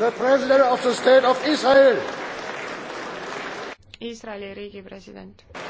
the president of the state of Israel. Iisraeli riigi president.